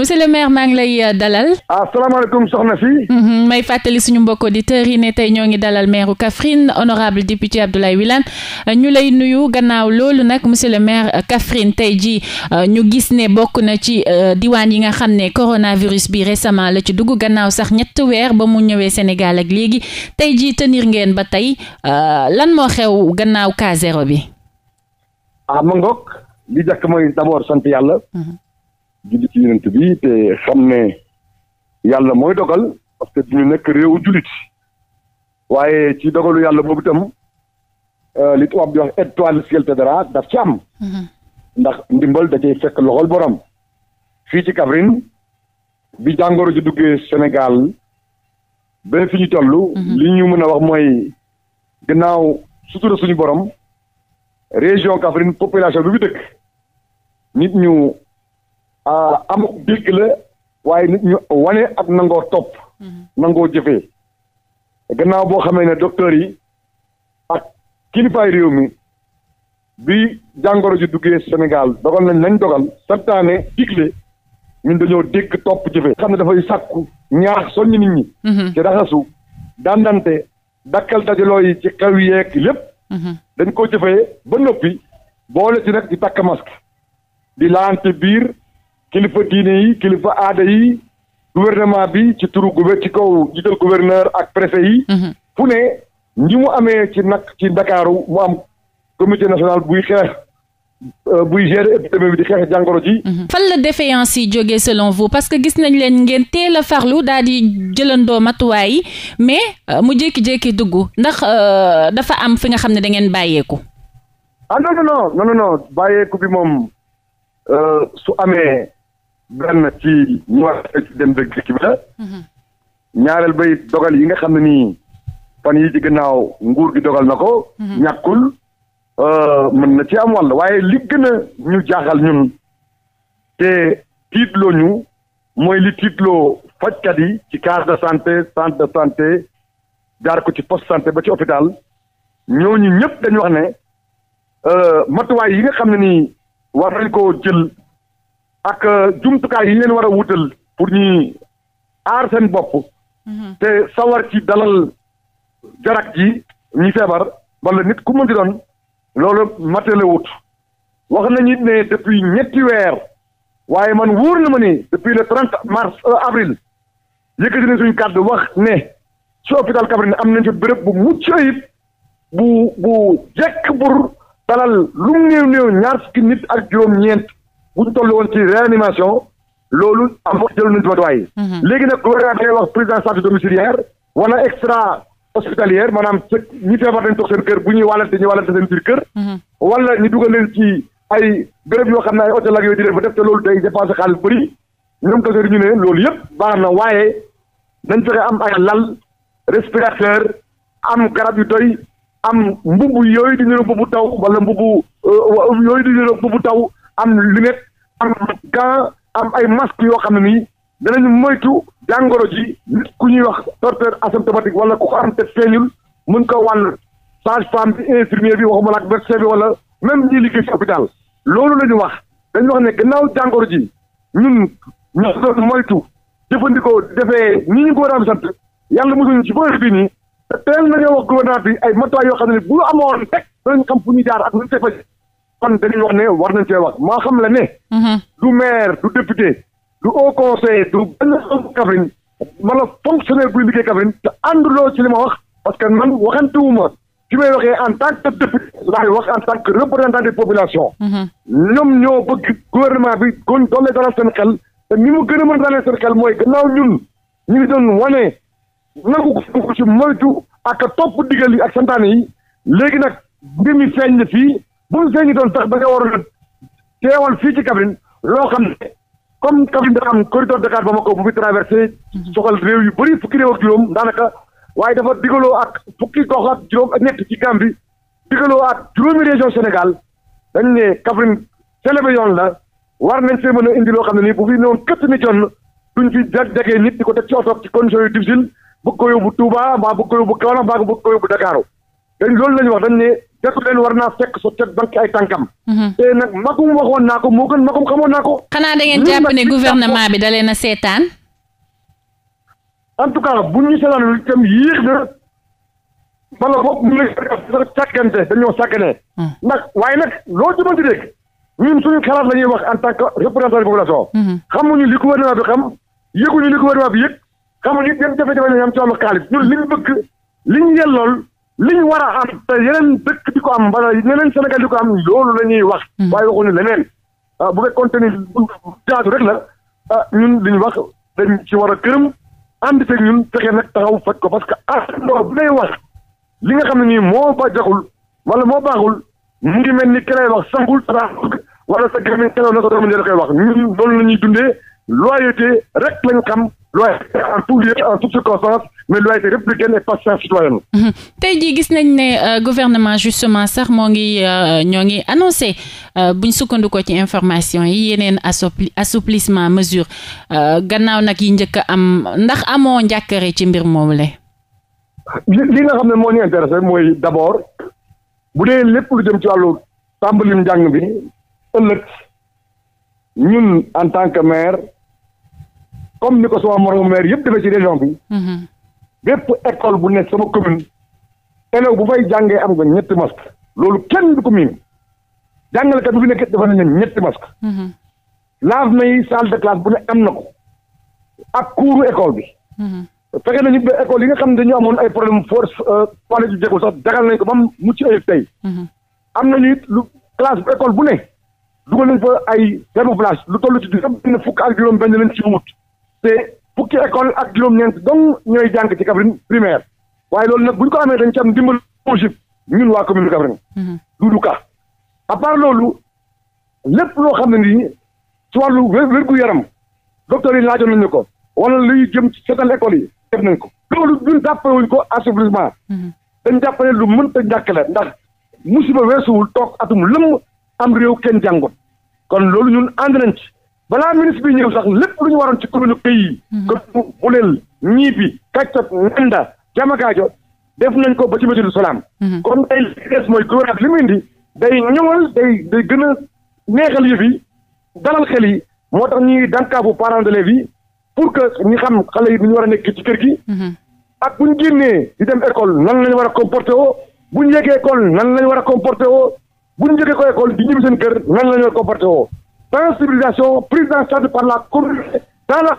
monsieur le maire maa ngi lay euh, dalal. asalaamaaleykum ah, soxna si. Mm-hmm. may fàttali suñu mbokk auditeurs yi ne tey ñoo ngi dalal maire Kaffrine honorable député Abdoulaye Wilane euh, ñu lay nuyu gannaaw loolu nag monsieur le maire euh, Kaffrine tey jii ñu gis ne bokk na ci diwaan yi nga xam ne coronavirus bi récemment la ci dugg gannaaw sax ñett weer ba mu ñëwee Sénégal ak léegi tey jii tenir ngeen ba tey lan moo xew gannaaw cas bi. ah ma li jàkk mooy d'abord sant yàlla. Mm-hmm. julli ci yonent bi te xam ne yàlla mooy dogal parce que duñu nekk réewu jullit waaye ci dogalu yàlla boobu itam euh, li tubaab di wax aide providentielle et cetera daf ci am. Mhm. ndax ndimbal da cay fekk loxol borom. fii ci Kaffrine bi jàngoro ji duggee Sénégal ba fi ñu toll. Mhm. li ñu mën a wax mooy gannaaw sutura suñu borom région Kaffrine population bi bi dëkk nit ñu. Ah, am dégg la waaye nit ñu wane ak nangoo topp mm-hmm. nangoo jëfe gannaaw boo xamee ne docteur yi ak kilifaay réew mi bi jàngoro ji duggee Sénégal dogal nañ lañ dogal santaane digle ñun dañoo dégg topp jëfee xam ne dafay sàkku ñaax soññ nit ñi mm-hmm. ci raxasu dandante dakkal dajaloo yi ci xew yeeg lépp mm-hmm. dañ koo jëfee ba noppi boole ci nag di takk masque di laante biir kilifa diine yi kilifa aada yi gouvernement bi ci turu gouver ci kaw jiital gouverneur ak préfet yi. Mhm. fu ne ñi mu amee ci nag ci ndakaaru mu am comité national buy xeex euh, buy gérer épidémie bi di xeex jàngoro ji. Mhm. fan la défaillance yi jógee selon vous parce que gis nañ leen ngeen teel a farlu daal di jëlandoo matuwaay mais euh, mu jékki-jékki dugg ndax euh, dafa am fi nga xam ne dangeen ngeen bàyyeeku. ah non non non non non bàyyeeku bi moom su amee. benn ci ñu war a dem dëgg dëkk bi ñaareel bay dogal yi nga xam ne nii fan yi ci gannaaw nguur gi dogal na ko. ñàkkul euh, mën na ci am wal waaye li gën ñu jaaxal ñun te tiitloo ñu mooy li tiitloo fajkat yi ci case de santé centre de santé jaar ko ci post santé ba ci hôpital ñooñu ñëpp dañu wax ne euh, matuwaay yi nga xam ne nii war nañ koo jël. ak euh, jumtukaay yi leen war a wutal pour ñuy aar seen bopp. Mhm. te sawar ci dalal jarak ji ñi feebar wala nit ku mën di doon loolu matale wut wax nañu ne depuis ñetti weer waaye man wóor na ma ni depuis le trente mars euh, avril yëkkati na suñu kàddu wax ne ci hôpital Kaffrine am nañ fa béréb bu mucc ayib bu bu jekk pour dalal lu mu néew néew ñaar fukki nit ak juróom-ñeent. bu ñu toll woon ci réanimation loolu am jël nañ ci matuwaay mhm. léegi nag gouvernement bi wax prise en charge domiciliaire wala extra hospitalière maanaam ñi feebar dañ toog seen kër bu ñuy wàllante ñu wàllante seen biir kër mhm. wala ñu dugal leen ci ay béréb yoo xam ne ay hôtel ak yooyu di de fa def te loolu day dépensé xaalis bëri ñoom docteur ñu ne loolu yëpp baax na waaye nañ fexe am ay lal respirateur am garab yu doy am mbubb yooyu di ñu ne mbubb taw wala mbubb euh, yooyu di ñu ne am lunette am gant am ay masque yoo xam ne nii danañu moytu jàngoro ji nit ku ñuy wax porteur asymptomatique wala ku ko am te feeñul mën ko wàll sage-femme bi infirmier bi waxuma la ak médecin bi wala même ñi liggéey ci hôpital loolu la ñu wax dañu wax ne gannaaw jàngoro ji ñun ñoo doon moytu jëfandikoo defee nii ñu góor am sant yàlla mosuñu ci bëri bi nii te teel nañoo wax gouvernement bi ay matuwaay yoo xam ne bu amoon teg danañ xam fu ñuy jaar ak lu ñu koy kon dañuy wax ne war nañ cee wax maa xam la ne. Mhm. du maire du député du haut conseiller du benn homme Kaffrine wala fonctionnaire buy liggéey Kaffrine te ànduloo ci li ma wax parce que man waxantuwuma ci may waxee en tant que député laay wax en tant que représentant des populations. Mhm. ñoom ñoo bëgg gouvernement bi goñ doole dalal seen xel te ni mu gën a mën a dalee seen xel mooy gannaaw ñun ñu ngi doon wane nangu ko ci moytu ak topp digal yi ak santaane léegi nag mbir mi feeñ na fii. buñ feeñu doon sax ba nga waroon a teewal fii ci Kaffrine loo xam ne comme Kaffrine dafa am corridor Dakar Bamako bu fi traversé soxal réew yu bëri fukki réew ak juróom daanaka waaye dafa digaloo ak fukki gox ak juróom ak ñett ci Gambie digaloo ak juróomi région Sénégal dañ ne Kaffrine célébé yoon la war nañ fee mën a indi loo xam ne nii bu fi newoon këtt ni jonn duñ fi jag-jagee nit ko teg ci oto ci condition yu difficile bëgg ko yóbbu Touba mbaa bëgg ko yóbbu Kaolack mbaa bëgg ko yóbbu Dakar dañ loolu lañu def leen war fekk sa tët banque ay tànkam. Mhm. te nag magum waxoon naa ko moo gën magum xamoon naa ko. xanaa da jàpp ne gouvernement bi da leen a seetaan. en tout cas bu ñu seetaan itam yéex na bala boog mu ngi sàkkante dañoo sàkkane. Mhm. ndax waaye nag loo jëmante dégg ñun suñu xalaat la ñuy wax en tant que représentant de population. Mhm. xamuñu li gouvernement bi xam yëguñu li gouvernement bi yëg xamuñu yan jafe-jafe la ñu am ci wàllu xaalis ñun bëgg li li ñu a am te yeneen dëkk di ko am wala yeneen Sénégal di ko am loolu la ñuy wax. Hmm. waaye waxuñu leneen ah, bu fekkoon te ni rek la ah ñun li ñu wax dañ ci war a këram ànd ceeg ñun fexe nag taxaw faj ko parce que ah loolu bu lay wax li nga xam ne nii moo ba jaxul wala moo baaxul mu ngi mel ni keneen wax sangul dara wala sa gémmiñ keneen na ko doon da koy wax ñun loolu la ñuy dundee loyauté rek lañ xam loyauté en tout lieu mais loyauté républicaine et patience citoyenne. Mhm. tey jii gis nañ ne euh, gouvernement justement sax moo ngi euh, ñoo ngi annoncé euh, buñ sukkandikoo ci information yi yeneen assoupli assouplissement mesure gannaaw nag yi njëkk a am ndax amoo njàkkare ci mbir moomu le li nga xam ne moo ñu intéressé mooy d'abord bu dee lépp lu jëm ci wàllu tàmbalim njàng bi ëllëg ñun en tant que maire comme ni ko sama moromu maire yëpp defee ci région bi. Mhm. bépp école bu nekk sama commune élève bu fay jàngee am nga ñetti masque loolu kenn du ko miin jàngalekat bu fi nekk dafa ne ñetti masque mhm. laaf na yi classe école bi mhm. fekkee nañu ba école yi nga xam ne dañu amoon ay problème force toilette euh, yu jegul sax dagal nañ ko ba mu mucc ayib tey mhm. am nañu it lu classe bu école bu ne dugal nañ fa ay thermoflash lu toll ci di am fukk ak juróom benn lañ ci wut te fukki école ak juróom-ñeent dong ñooy jàng ci Kaffrine primaire waaye loolu nag bu ñu ko amee dañ ci am dimbal OGIP ñun waa commune Kaffrine. Mhm. Doudou Ka à part loolu lépp loo xam ne nii ci wàllu wérgu yaram docteur yi laajoon nañu ko wala luy jëm ci seetal école yi def nañ ko. loolu ñun wuñ ko assouplissement. Mhm. dañ jàpp ne lu mënta ñàkk la ndax musiba weesuwul toog atum lëmm am réew kenn jàngut kon loolu ñun ànd nañ ci. balaa ministre bi ñëw sax lépp lu ñu waroon ci commune këy yi. Mhm. comme Boulel Niibi Kaccot Nanda Diamagaajo def nañ ko ba ci Medina Salaam. kon mhm. tey li des mooy gouvernement bi a mu indi day ñëwal day day gën neexal yëf yi dalal xel yi moo tax ñuy dànkaafu parents d'élèves yi pour que ñu xam xale yi ñu war a nekk ci kër gi. Mhm. ak bu ñu génnee di dem école nan lañu war a comporté woo bu ñu yeggee école nan lañu war a comporté woo bu ñu yeggee ko école di ñibbi seen kër nan lañu war a woo. sensibilisation prise en charge par la communauté dans la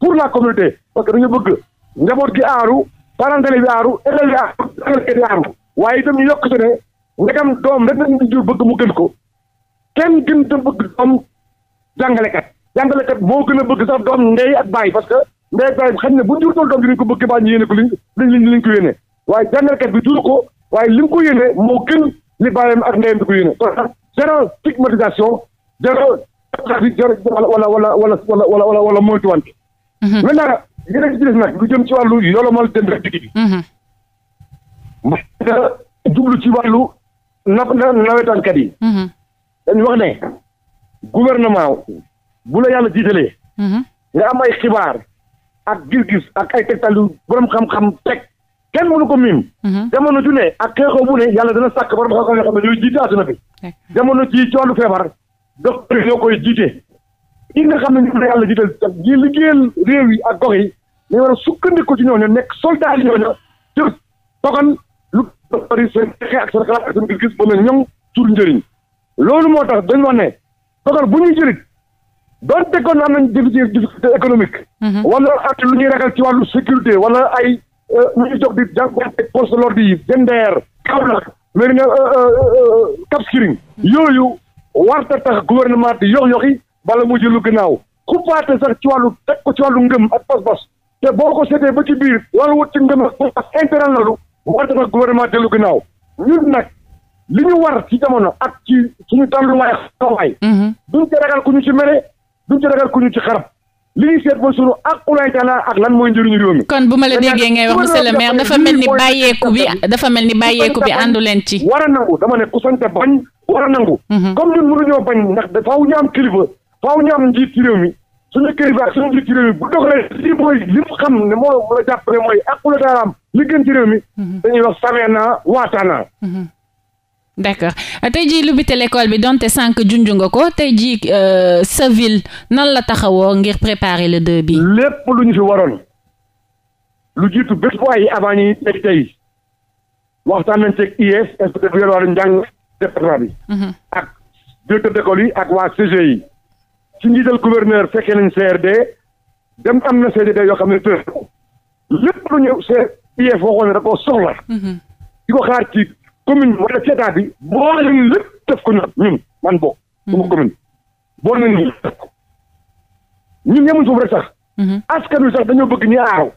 pour la communauté parce que dañu bëgg njaboot gi aaru parents d'élèves yi aaru élèves yi aaru jàngalekat yi aaru waaye itam ñu yokk ci ne ndegam doom rek nañ jur bëgg mu gën ko kenn gën a bëgg doom jàngalekat jàngalekat moo gën a bëgg sax doom ndey ak baay parce que ndey ak bàyyi xëy na bu jur doom doom dinañ ko bëgg baa ñu yéene ko liñ liñ liñ ko yéene waaye jàngalekat bi jur ko waaye li mu ko yéene moo gën li bàyyam ak ndeyam di ko yéene kon jarul jarul wala wala wala wala wala wala moytuwante. Mhm. maintenant yeneen ci des nag lu jëm ci wàllu yolomal dem rek digg bi. mu mhm. jublu mhm. wax ne gouvernement bu la yàlla jiitalee. nga am ay xibaar ak gis-gis ak ay tegtal yu borom xam-xam teg kenn mënu ko miim. jamono ju ne ak xeexoo bu ne yàlla dana sàkk borom xam-xam yoo xam ne bi. jamono ji ci wàllu feebar. docteur yi ñoo koy jiite ñi nga xam na ñu la yàlla jiital ñi liggéeyal réew yi ak gox yi dañu war a sukkandiku ci ñooñu nekk soldat yi ñooñu jël togan lu docteur yi seen xeex ak seen xalaat gis-gis ñoŋ tur njëriñ loolu moo tax dañu wax ne dogal bu ñuy jërit donte kon am nañ difficulté économique mhm. wala ak lu ñuy ragal ci wàllu sécurité wala ay euh, ñu ñuy jox di jànkuwante poste de l'ordre yi Diender Kaolack mari euh, euh, Cap Skirring yooyu warta tax gouvernement di yox yoxi bala mu jëlu gannaaw xupaate sax ci wàllu teg ko ci wàllu ngëm ak pas-pas te boo ko seetee ba ci biir wala wut ci ngëm ak pas-pas intérêt la lu warta tax gouvernement dellu gannaaw ñun nag li ñu war ci jamono ak ci suñu tàlluwaay xawaay mhm. duñ ci ragal ku ñu ci mere du ci ragal ku ñu ci xarab li ñu seet mooy sunu ak ulaay taala ak lan mooy njëriñu réew mi. kon bu ma la déggee ngay wax monsieur le maire dafa mel ni bàyyeeku bi dafa mel ni bàyyeeku bi àndu leen ci. war a nangu dama ne ku bañ war a nangu. Mhm. comme ñun mënuñoo bañ ndax faaw ñu am kilifa faaw ñu njiit ci réew mi suñu kilifa ak suñu njiit ci réew mi bu doxalee lii mooy li mu xam ne moo la jàpp ne mooy ak ulaay taalaam li gën ci réew mi. Mhm. dañuy wax samee naa d' accord euh, tey jii lu bitel école bi donte sànq junju nga ko tey jii euh, sa ville nan la taxawoo ngir préparer le deux bi lépp lu ñu fi waroon lu jiitu bés bu ay avant ñuy teg tey waxtaan bi njàng département bi mhm. ak directeur d' école yi ak waa CGE yi ci njiital gouverneur fekkee nañ CRD dem am na CDD yoo xam ne tëj lépp lu ñu IEF waxoon ne da koo soxla mhm. di ko xaar ci commune wala seetaa bi boole nañu lépp def ko ñun man bokk. sama hmm. commune boole nañu lépp def ko ñun yemuñu foofu rek sax. Hmm. askan wi sax dañoo bëgg ñu aaraw.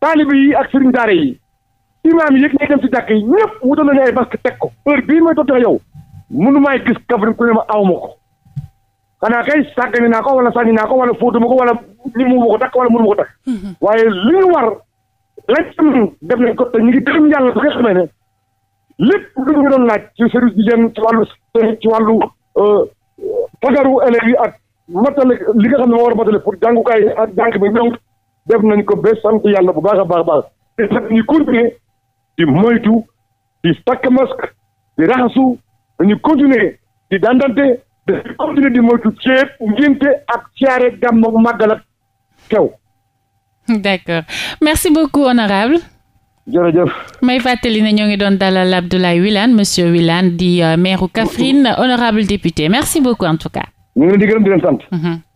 taalibe yi ak sëriñ daara yi imaam yi yëg ñooy dem si jàkk yi ñëpp wutal nañu ay masque teg ko heure bii may toog yow mënumaay gis Kaffrine ku ne ma aw ma ko. xanaa kay sàggane naa ko wala sànni naa ko wala fóotuma ko wala ni mu ma ko takk wala mënu ma ko takk. Hmm. waaye li ñu war lañ def nañ ko lépp lu ñu doon laaj ci service d'hygiène ci wàllu ci wàllu fagaru euh, élèves yi ak matale li nga xam ne moo war a matale pour jàngukaay ak jàng bi ñëw def nañ ko ba sant yàlla bu baax a baax a baax te sax ñu continuer di moytu di takk masque di raxasu dañu continuer di dandante dañu continuer di moytu ceeb ngénte ak siyaare gàmm ak màggal ak teew. d'accord merci beaucoup honorable jërëjëf may fàttali ne ñoo ngi doon dalal Abdoulaye Wilane monsieur Wilane di euh, maire Kaffrine honorable député merci beaucoup en